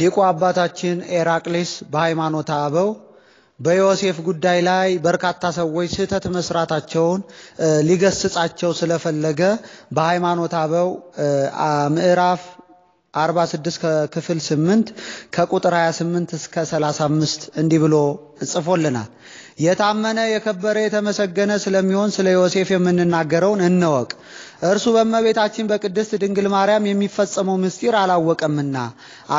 ሊቁ አባታችን ኤራቅሊስ በሃይማኖተ አበው በዮሴፍ ጉዳይ ላይ በርካታ ሰዎች ስህተት መስራታቸውን ሊገስጻቸው ስለፈለገ በሃይማኖተ አበው ምዕራፍ 46 ከክፍል 8 ከቁጥር 28 እስከ 35 እንዲህ ብሎ ጽፎልናል። የታመነ የከበረ የተመሰገነ ስለሚሆን ስለ ዮሴፍ የምንናገረውን እንወቅ። እርሱ በእመቤታችን በቅድስት ድንግል ማርያም የሚፈጸመው ምስጢር አላወቀምና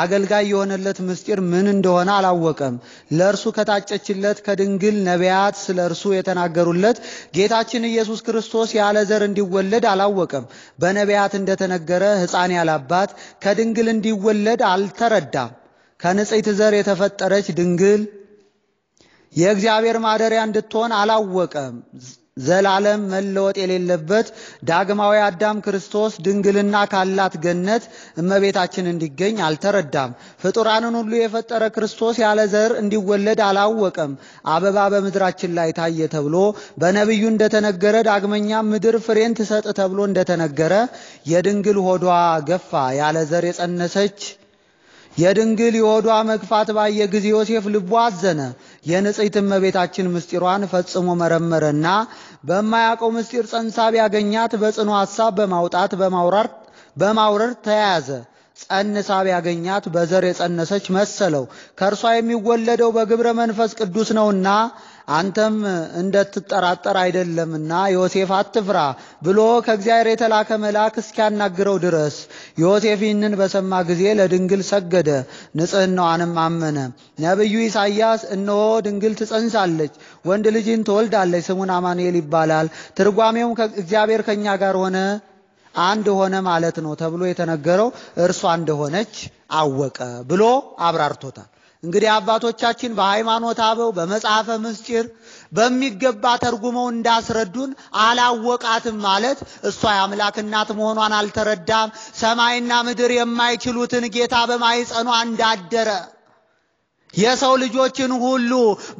አገልጋይ የሆነለት ምስጢር ምን እንደሆነ አላወቀም። ለእርሱ ከታጨችለት ከድንግል ነቢያት ስለ እርሱ የተናገሩለት ጌታችን ኢየሱስ ክርስቶስ ያለ ዘር እንዲወለድ አላወቀም። በነቢያት እንደተነገረ ሕፃን ያላባት ከድንግል እንዲወለድ አልተረዳም። ከንጽሕት ዘር የተፈጠረች ድንግል የእግዚአብሔር ማደሪያ እንድትሆን አላወቀም። ዘላለም መለወጥ የሌለበት ዳግማዊ አዳም ክርስቶስ ድንግልና ካላት ገነት እመቤታችን እንዲገኝ አልተረዳም። ፍጡራንን ሁሉ የፈጠረ ክርስቶስ ያለ ዘር እንዲወለድ አላወቀም። አበባ በምድራችን ላይ ታየ ተብሎ በነቢዩ እንደተነገረ፣ ዳግመኛ ምድር ፍሬን ትሰጥ ተብሎ እንደተነገረ የድንግል ሆዷ ገፋ ያለ ዘር የጸነሰች የድንግል የሆዷ መግፋት ባየ ጊዜ ዮሴፍ ልቡ አዘነ። የንጽሕት እመቤታችን ምስጢሯን ፈጽሞ መረመረና በማያውቀው ምስጢር ጸንሳ ቢያገኛት በጽኑ ሐሳብ በማውጣት በማውረር ተያያዘ። ጸንሳ ቢያገኛት በዘር የጸነሰች መሰለው። ከእርሷ የሚወለደው በግብረ መንፈስ ቅዱስ ነውና አንተም እንደትጠራጠር አይደለምና ዮሴፍ አትፍራ ብሎ ከእግዚአብሔር የተላከ መልአክ እስኪያናግረው ድረስ ዮሴፍ ይህንን በሰማ ጊዜ ለድንግል ሰገደ፣ ንጽህናዋንም አመነ። ነቢዩ ኢሳይያስ እነሆ ድንግል ትጸንሳለች፣ ወንድ ልጅን ትወልዳለች፣ ስሙን አማኑኤል ይባላል፣ ትርጓሜውም እግዚአብሔር ከእኛ ጋር ሆነ አንድ ሆነ ማለት ነው ተብሎ የተነገረው እርሷ እንደሆነች አወቀ ብሎ አብራርቶታል። እንግዲህ አባቶቻችን በሃይማኖት አበው በመጽሐፈ ምስጢር በሚገባ ተርጉመው እንዳስረዱን አላወቃትም ማለት እሷ የአምላክ እናት መሆኗን አልተረዳም። ሰማይና ምድር የማይችሉትን ጌታ በማይጸኗ እንዳደረ የሰው ልጆችን ሁሉ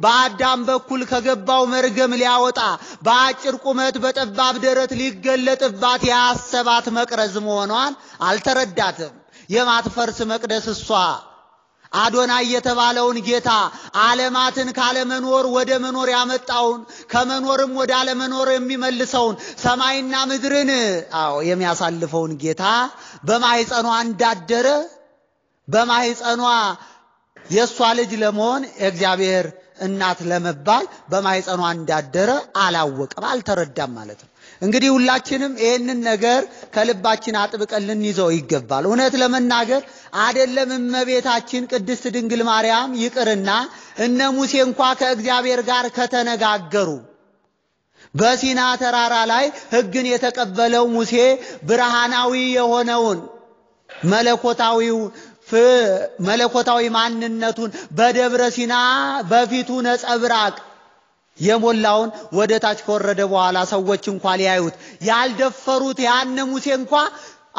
በአዳም በኩል ከገባው መርገም ሊያወጣ በአጭር ቁመት በጠባብ ደረት ሊገለጥባት ያሰባት መቅረዝ መሆኗን አልተረዳትም። የማትፈርስ መቅደስ እሷ አዶናይ የተባለውን ጌታ ዓለማትን ካለመኖር ወደ መኖር ያመጣውን ከመኖርም ወደ አለመኖር የሚመልሰውን ሰማይና ምድርን አዎ የሚያሳልፈውን ጌታ በማህፀኗ እንዳደረ በማህፀኗ የእሷ ልጅ ለመሆን እግዚአብሔር እናት ለመባል በማህፀኗ እንዳደረ አላወቀም፣ አልተረዳም ማለት ነው። እንግዲህ ሁላችንም ይህንን ነገር ከልባችን አጥብቀን ልንይዘው ይገባል። እውነት ለመናገር አደለም እመቤታችን ቅድስት ድንግል ማርያም ይቅርና እነ ሙሴ እንኳ ከእግዚአብሔር ጋር ከተነጋገሩ በሲና ተራራ ላይ ሕግን የተቀበለው ሙሴ ብርሃናዊ የሆነውን መለኮታዊው መለኮታዊ ማንነቱን በደብረ ሲና በፊቱ ነጸብራቅ የሞላውን ወደ ታች ከወረደ በኋላ ሰዎች እንኳ ሊያዩት ያልደፈሩት ያነ ሙሴ እንኳ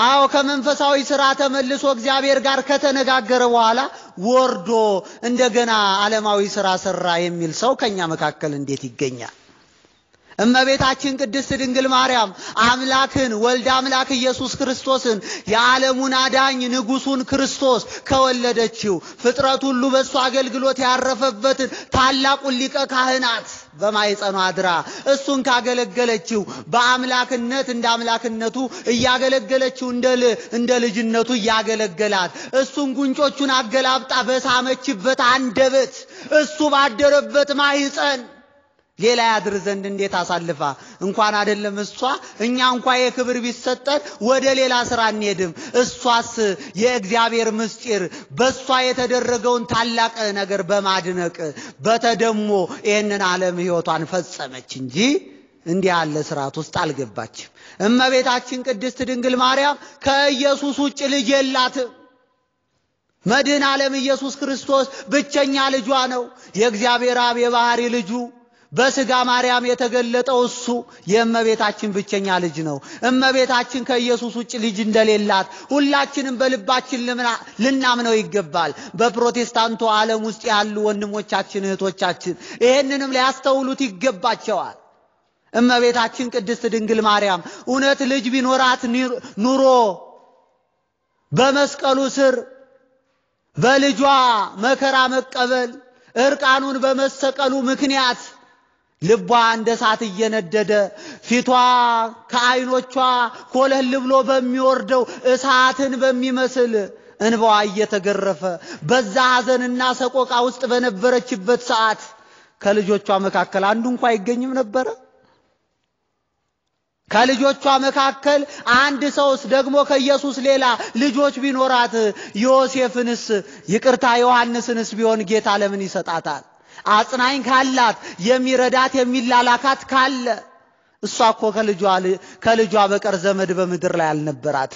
አዎ ከመንፈሳዊ ስራ ተመልሶ እግዚአብሔር ጋር ከተነጋገረ በኋላ ወርዶ እንደገና ዓለማዊ ስራ ሰራ የሚል ሰው ከኛ መካከል እንዴት ይገኛል? እመቤታችን ቅድስት ድንግል ማርያም አምላክን ወልድ አምላክ ኢየሱስ ክርስቶስን የዓለሙን አዳኝ ንጉሱን ክርስቶስ ከወለደችው ፍጥረት ሁሉ በእሱ አገልግሎት ያረፈበትን ታላቁን ሊቀ ካህናት በማይጸኑ አድራ እሱን ካገለገለችው በአምላክነት እንደ አምላክነቱ እያገለገለችው እንደ ልጅነቱ እያገለገላት እሱን ጉንጮቹን አገላብጣ በሳመችበት አንደበት እሱ ባደረበት ማይጸን ሌላ ያድር ዘንድ እንዴት አሳልፋ እንኳን አይደለም እሷ እኛ እንኳ የክብር ቢሰጠን ወደ ሌላ ስራ አንሄድም። እሷስ የእግዚአብሔር ምስጢር በእሷ የተደረገውን ታላቅ ነገር በማድነቅ በተደሞ ይህንን ዓለም ሕይወቷን ፈጸመች እንጂ እንዲህ ያለ ስርዓት ውስጥ አልገባችም። እመቤታችን ቅድስት ድንግል ማርያም ከኢየሱስ ውጭ ልጅ የላትም። መድህን ዓለም ኢየሱስ ክርስቶስ ብቸኛ ልጇ ነው፣ የእግዚአብሔር አብ የባህሪ ልጁ በስጋ ማርያም የተገለጠው እሱ የእመቤታችን ብቸኛ ልጅ ነው። እመቤታችን ከኢየሱስ ውጭ ልጅ እንደሌላት ሁላችንም በልባችን ልናምነው ይገባል። በፕሮቴስታንቱ ዓለም ውስጥ ያሉ ወንድሞቻችን እህቶቻችን ይህንንም ሊያስተውሉት ይገባቸዋል። እመቤታችን ቅድስት ድንግል ማርያም እውነት ልጅ ቢኖራት ኑሮ በመስቀሉ ስር በልጇ መከራ መቀበል እርቃኑን በመሰቀሉ ምክንያት ልቧ እንደ እሳት እየነደደ ፊቷ ከዓይኖቿ ኮለል ብሎ በሚወርደው እሳትን በሚመስል እንባዋ እየተገረፈ በዛ ሐዘንና ሰቆቃ ውስጥ በነበረችበት ሰዓት ከልጆቿ መካከል አንዱ እንኳ አይገኝም ነበረ። ከልጆቿ መካከል አንድ ሰውስ ደግሞ ከኢየሱስ ሌላ ልጆች ቢኖራት ዮሴፍንስ ይቅርታ ዮሐንስንስ ቢሆን ጌታ ለምን ይሰጣታል? አጽናኝ ካላት የሚረዳት የሚላላካት ካለ እሷ እኮ ከልጇ በቀር ዘመድ በምድር ላይ አልነበራት።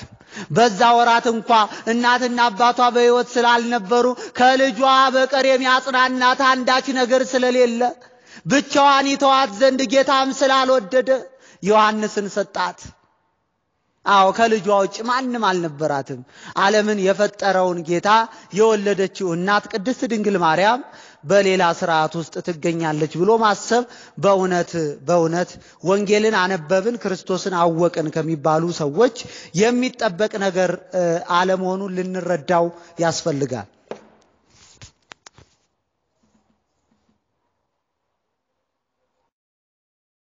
በዛ ወራት እንኳ እናትና አባቷ በሕይወት ስላልነበሩ ከልጇ በቀር የሚያጽናናት አንዳች ነገር ስለሌለ ብቻዋን ይተዋት ዘንድ ጌታም ስላልወደደ ዮሐንስን ሰጣት። አዎ ከልጇ ውጭ ማንም አልነበራትም። ዓለምን የፈጠረውን ጌታ የወለደችው እናት ቅድስት ድንግል ማርያም በሌላ ስርዓት ውስጥ ትገኛለች ብሎ ማሰብ በእውነት በእውነት ወንጌልን አነበብን ክርስቶስን አወቅን ከሚባሉ ሰዎች የሚጠበቅ ነገር አለመሆኑን ልንረዳው ያስፈልጋል።